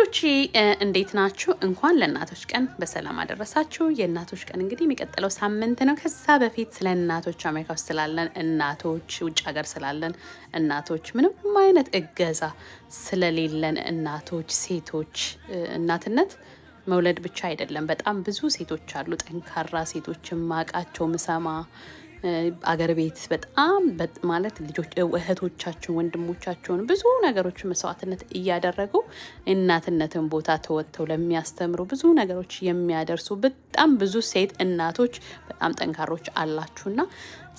ውዶች እንዴት ናችሁ? እንኳን ለእናቶች ቀን በሰላም አደረሳችሁ። የእናቶች ቀን እንግዲህ የሚቀጥለው ሳምንት ነው። ከዛ በፊት ስለ እናቶች አሜሪካ ውስጥ ስላለን እናቶች፣ ውጭ ሀገር ስላለን እናቶች፣ ምንም አይነት እገዛ ስለሌለን እናቶች፣ ሴቶች እናትነት መውለድ ብቻ አይደለም። በጣም ብዙ ሴቶች አሉ፣ ጠንካራ ሴቶች ማቃቸው ምሰማ አገር ቤት በጣም ማለት ልጆች እህቶቻችን ወንድሞቻቸውን ብዙ ነገሮች መስዋዕትነት እያደረጉ እናትነትን ቦታ ተወጥተው ለሚያስተምሩ ብዙ ነገሮች የሚያደርሱ በጣም ብዙ ሴት እናቶች በጣም ጠንካሮች አላችሁና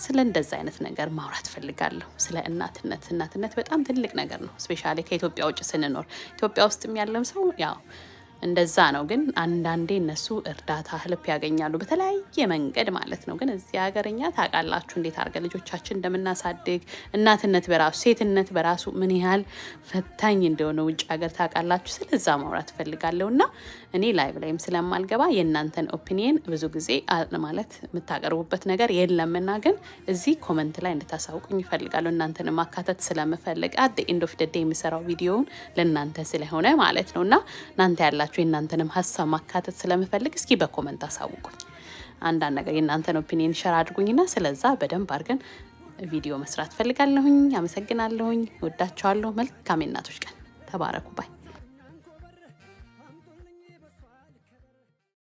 ስለ እንደዚ አይነት ነገር ማውራት ፈልጋለሁ። ስለ እናትነት እናትነት በጣም ትልቅ ነገር ነው። ስፔሻሊ ከኢትዮጵያ ውጭ ስንኖር ኢትዮጵያ ውስጥም ያለም ሰው ያው እንደዛ ነው። ግን አንዳንዴ እነሱ እርዳታ ህልፕ ያገኛሉ በተለያየ መንገድ ማለት ነው። ግን እዚህ ሀገርኛ ታውቃላችሁ እንዴት አድርገን ልጆቻችን እንደምናሳድግ እናትነት በራሱ ሴትነት በራሱ ምን ያህል ፈታኝ እንደሆነ ውጭ ሀገር ታውቃላችሁ። ስለዛ ማውራት እፈልጋለሁ እና እኔ ላይቭ ላይም ስለማልገባ የእናንተን ኦፒኒየን ብዙ ጊዜ ማለት የምታቀርቡበት ነገር የለምና ግን እዚህ ኮመንት ላይ እንድታሳውቁኝ ይፈልጋለሁ። እናንተን ማካተት ስለምፈልግ አት ኤንድ ኦፍ የሚሰራው ቪዲዮውን ለእናንተ ስለሆነ ማለት ነው እና እናንተ ያላችሁ ካላችሁ የእናንተንም ሀሳብ ማካተት ስለምፈልግ እስኪ በኮመንት አሳውቁኝ። አንዳንድ ነገር የእናንተን ኦፒኒየን ሸር አድርጉኝና ስለዛ በደንብ አድርገን ቪዲዮ መስራት ፈልጋለሁኝ። አመሰግናለሁኝ። ወዳቸዋለሁ። መልካም የእናቶች ቀን ተባረኩ ባይ